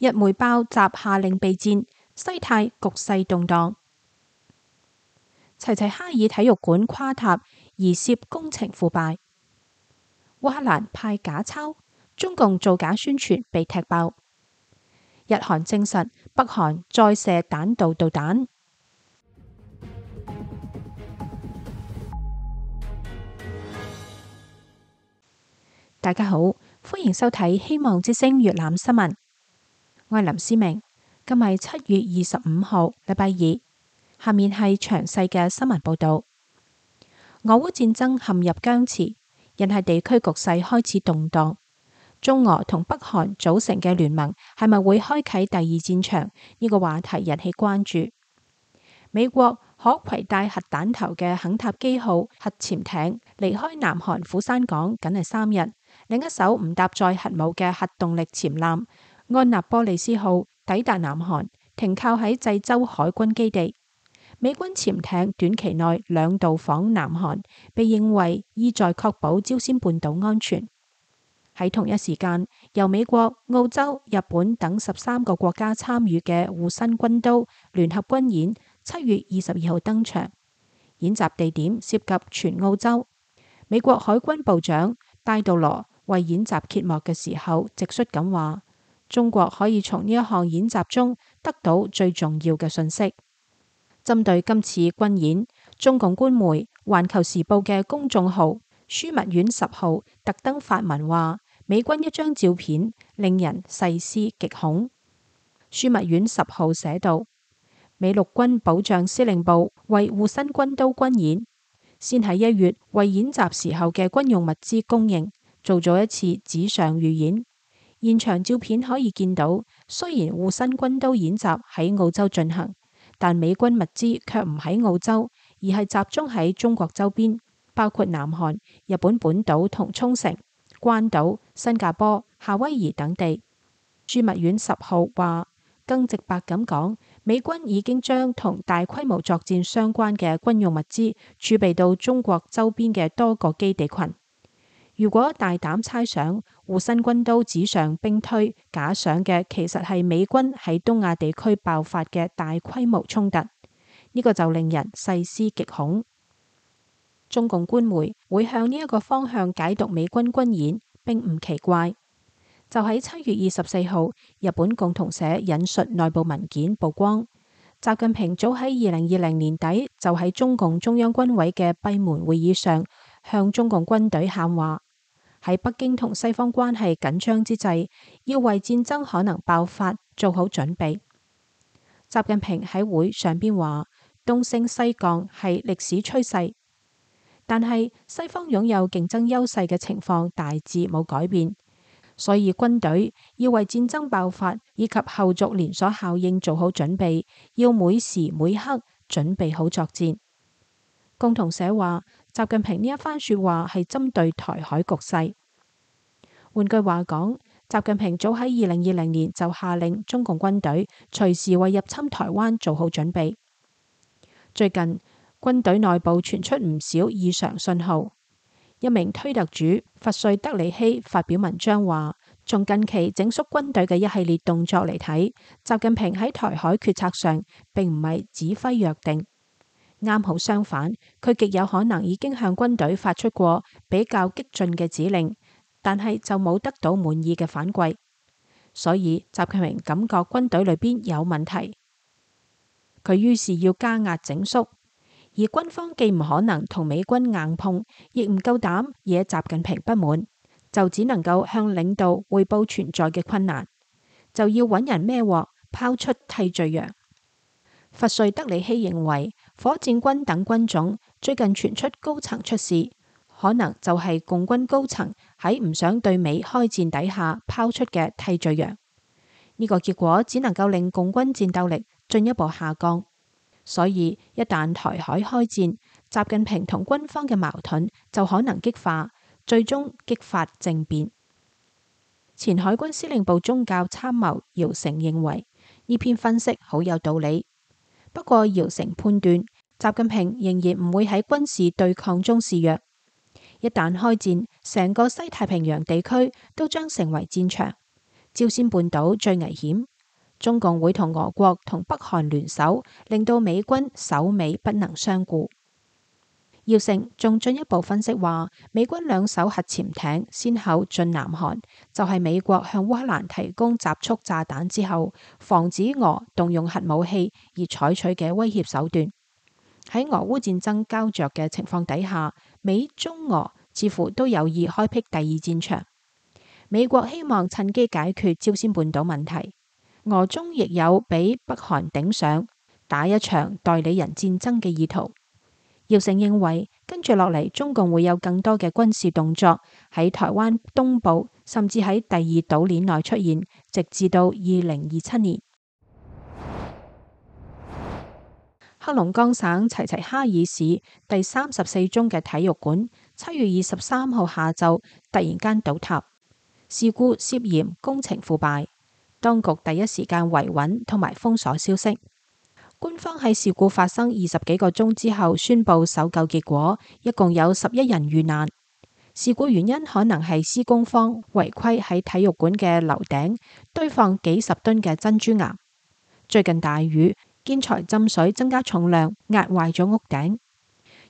日媒爆習下令備戰，西太局勢動盪；齊齊哈爾體育館垮塌，疑涉工程腐敗；烏克蘭派假鈔，中共造假宣傳被踢爆；日韓證實北韓再射彈道導彈。大家好，歡迎收睇《希望之聲粵覽新聞》。我係林詩明，今日七月二十五號，禮拜二。下面係詳細嘅新聞報道。俄烏戰爭陷入僵持，人係地區局勢開始動盪。中俄同北韓組成嘅聯盟係咪會開啟第二戰場？呢個話題引起關注。美國可攜帶核彈頭嘅肯塔基號核潛艇離開南韓釜山港，僅係三日。另一艘唔搭載核武嘅核動力潛艦。安納波利斯號抵達南韓，停靠喺濟州海軍基地。美軍潛艇短期內兩度訪南韓，被認為意在確保朝鮮半島安全。喺同一時間，由美國、澳洲、日本等十三個國家參與嘅護身軍刀聯合軍演，七月二十二號登場。演習地點涉及全澳洲。美國海軍部長戴杜羅為演習揭幕嘅時候直、直率咁話，中國可以從呢一項演習中得到最重要嘅信息。針對今次軍演，中共官媒《環球時報》嘅公眾號“樞密院十號”特登發文話，美軍一張照片令人細思極恐。樞密院十號寫道，美陸軍保障司令部為護身軍刀軍演，先喺一月為演習時候嘅軍用物資供應做咗一次紙上預演。現場照片可以見到，雖然護身軍刀演習喺澳洲進行，但美軍物資卻唔喺澳洲，而係集中喺中國周邊，包括南韓、日本本島同沖繩、關島、新加坡、夏威夷等地。樞密院十號話，更直白咁講，美軍已經將同大規模作戰相關嘅軍用物資儲備到中國周邊嘅多個基地群。如果大膽猜想，護身軍刀紙上兵推假想嘅，其實係美軍喺東亞地區爆發嘅大規模衝突，呢、這個就令人細思極恐。中共官媒會向呢一個方向解讀美軍軍演，並唔奇怪。就喺七月二十四號，日本共同社引述內部文件曝光，習近平早喺二零二零年底就喺中共中央軍委嘅閉門會議上向中共軍隊喊話。喺北京同西方關係緊張之際，要為戰爭可能爆發做好準備。習近平喺會上邊話：東升西降係歷史趨勢，但係西方擁有競爭優勢嘅情況大致冇改變，所以軍隊要為戰爭爆發以及後續連鎖效應做好準備，要每時每刻準備好作戰。共同社話，習近平呢一番説話係針對台海局勢。換句話講，習近平早喺二零二零年就下令中共軍隊隨時為入侵台灣做好準備。最近軍隊內部傳出唔少異常信號。一名推特主弗瑞德里希發表文章話，從近期整肅軍隊嘅一系列動作嚟睇，習近平喺台海決策上並唔係指揮約定。啱好相反，佢極有可能已經向軍隊發出過比較激進嘅指令，但係就冇得到滿意嘅反饋，所以習近平感覺軍隊裏邊有問題，佢於是要加壓整肅。而軍方既唔可能同美軍硬碰，亦唔夠膽惹習近平不滿，就只能夠向領導匯報存在嘅困難，就要搵人孭鑊，拋出替罪羊。弗瑞德里希認為。火箭軍等軍種最近傳出高層出事，可能就係共軍高層喺唔想對美開戰底下拋出嘅替罪羊。呢、這個結果只能夠令共軍戰鬥力進一步下降，所以一旦台海開戰，習近平同軍方嘅矛盾就可能激化，最終激發政變。前海軍司令部中校參謀姚成認為，呢篇分析好有道理。不過姚成判斷，習近平仍然唔會喺軍事對抗中示弱。一旦開戰，成個西太平洋地區都將成為戰場。朝鮮半島最危險，中共會同俄國同北韓聯手，令到美軍首尾不能相顧。要姓仲進一步分析話，美軍兩艘核潛艇先後進南韓，就係、是、美國向烏克蘭提供集束炸彈之後，防止俄動用核武器而採取嘅威脅手段。喺俄烏戰爭膠着嘅情況底下，美中俄似乎都有意開闢第二戰場。美國希望趁機解決朝鮮半島問題，俄中亦有俾北韓頂上打一場代理人戰爭嘅意圖。姚成認為，跟住落嚟，中共會有更多嘅軍事動作喺台灣東部，甚至喺第二島鏈內出現，直至到二零二七年。黑龍江省齊齊哈爾市第三十四中嘅體育館，七月二十三號下晝突然間倒塌，事故涉嫌工程腐敗，當局第一時間維穩同埋封鎖消息。官方喺事故發生二十幾個鐘之後宣布搜救結果，一共有十一人遇難。事故原因可能係施工方違規喺體育館嘅樓頂堆放幾十噸嘅珍珠岩。最近大雨，建材浸水增加重量，壓壞咗屋頂。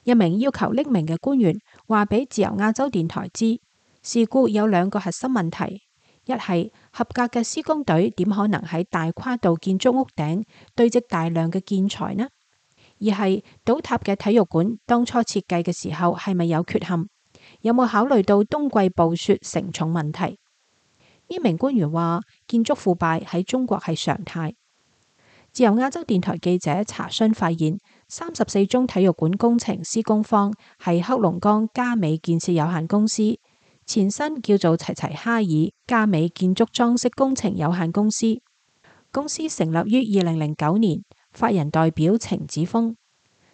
一名要求匿名嘅官員話俾自由亞洲電台知，事故有兩個核心問題。一係合格嘅施工隊，點可能喺大跨度建築屋頂堆積大量嘅建材呢？二係倒塌嘅體育館當初設計嘅時候係咪有缺陷？有冇考慮到冬季暴雪承重問題？呢名官員話：建築腐敗喺中國係常態。自由亞洲電台記者查詢發現，三十四中體育館工程施工方係黑龍江嘉美建設有限公司。前身叫做齊齊哈爾加美建築裝飾工程有限公司，公司成立於二零零九年，法人代表程子峰。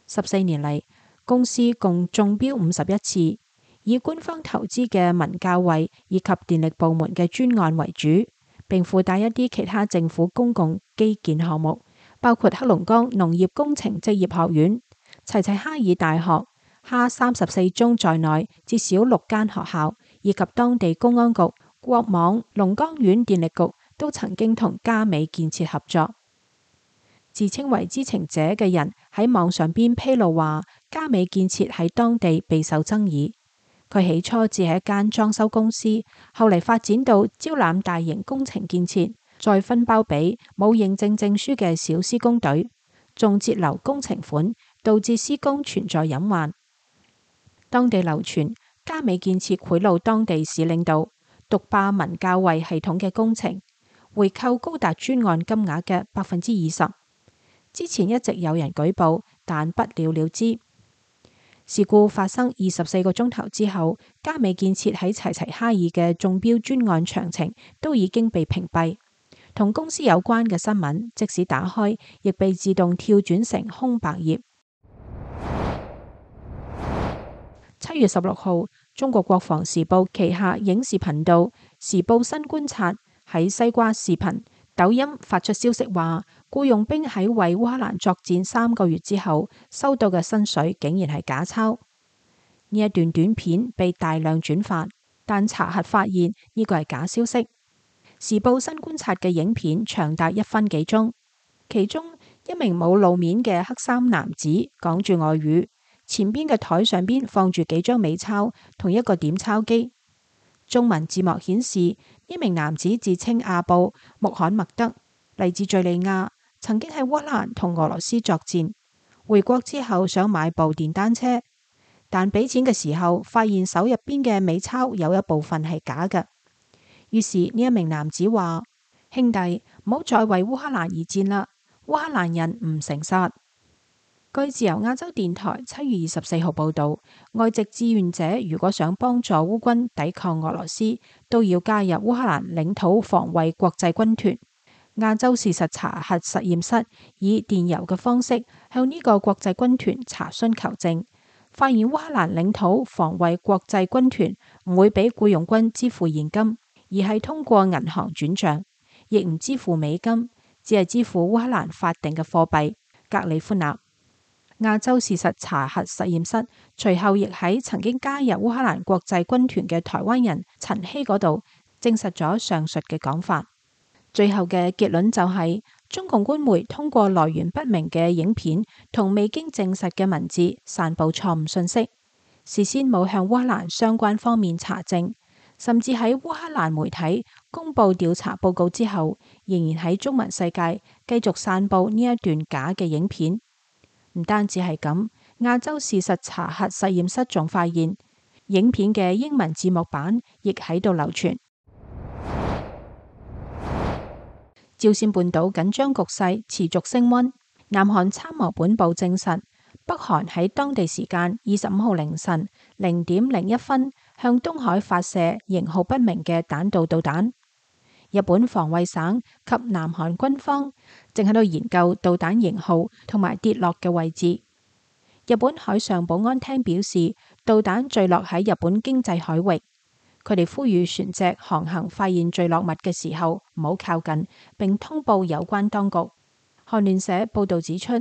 十四年嚟，公司共中標五十一次，以官方投資嘅文教衛以及電力部門嘅專案為主，並附帶一啲其他政府公共基建項目，包括黑龍江農業工程職業學院、齊齊哈爾大學、哈三十四中在內，至少六間學校。以及當地公安局、國網、龍江縣電力局都曾經同嘉美建設合作。自稱為知情者嘅人喺網上邊披露話，嘉美建設喺當地備受爭議。佢起初只係一間裝修公司，後嚟發展到招攬大型工程建設，再分包俾冇認證證書嘅小施工隊，仲截留工程款，導致施工存在隱患。當地流傳。加美建設賄賂當地市領導、獨霸文教衛系統嘅工程，回扣高達專案金額嘅百分之二十。之前一直有人舉報，但不了了之。事故發生二十四個鐘頭之後，加美建設喺齊齊哈爾嘅中標專案詳情都已經被屏蔽，同公司有關嘅新聞，即使打開，亦被自動跳轉成空白頁。七月十六號。中國國防時報旗下影視頻道《時報新觀察》喺西瓜視頻、抖音發出消息話，僱傭兵喺為烏克蘭作戰三個月之後，收到嘅薪水竟然係假鈔。呢一段短片被大量轉發，但查核發現呢個係假消息。時報新觀察嘅影片長達一分幾鐘，其中一名冇露面嘅黑衫男子講住外語。前邊嘅台上邊放住幾張美鈔同一個點鈔機，中文字幕顯示呢名男子自稱阿布穆罕默德，嚟自敘利亞，曾經喺烏克蘭同俄羅斯作戰，回國之後想買部電單車，但俾錢嘅時候發現手入邊嘅美鈔有一部分係假嘅，於是呢一名男子話：兄弟，唔好再為烏克蘭而戰啦，烏克蘭人唔誠實。據自由亞洲電台七月二十四號報道，外籍志願者如果想幫助烏軍抵抗俄羅斯，都要加入烏克蘭領土防衛國際軍團。亞洲事實查核實驗室以電郵嘅方式向呢個國際軍團查詢求證，發現烏克蘭領土防衛國際軍團唔會俾僱傭軍支付現金，而係通過銀行轉賬，亦唔支付美金，只係支付烏克蘭法定嘅貨幣，格里夫納。亞洲事實查核實驗室隨後亦喺曾經加入烏克蘭國際軍團嘅台灣人陳希嗰度證實咗上述嘅講法。最後嘅結論就係中共官媒通過來源不明嘅影片同未經證實嘅文字散布錯誤信息，事先冇向烏克蘭相關方面查證，甚至喺烏克蘭媒體公布調查報告之後，仍然喺中文世界繼續散布呢一段假嘅影片。唔單止係咁，亞洲事實查核實驗室仲發現影片嘅英文字幕版亦喺度流傳。朝鮮 半島緊張局勢持續升溫，南韓參謀本部證實，北韓喺當地時間二十五號凌晨零點零一分向東海發射型號不明嘅彈道導彈。日本防衛省及南韓軍方正喺度研究導彈型號同埋跌落嘅位置。日本海上保安廳表示，導彈墜落喺日本經濟海域，佢哋呼籲船隻航行發現墜落物嘅時候唔好靠近，並通報有關當局。韓聯社報道指出，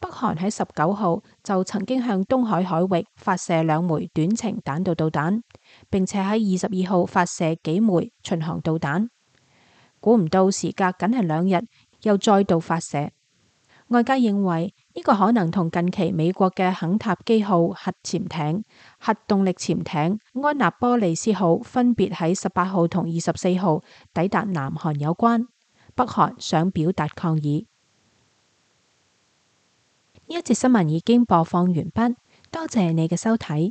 北韓喺十九號就曾經向東海海域發射兩枚短程彈道導彈，並且喺二十二號發射幾枚巡航導彈。估唔到，時隔僅係兩日，又再度發射。外界認為呢個可能同近期美國嘅肯塔基號核潛艇、核動力潛艇安納波利斯號分別喺十八號同二十四號抵達南韓有關。北韓想表達抗議。呢一節新聞已經播放完畢，多謝你嘅收睇。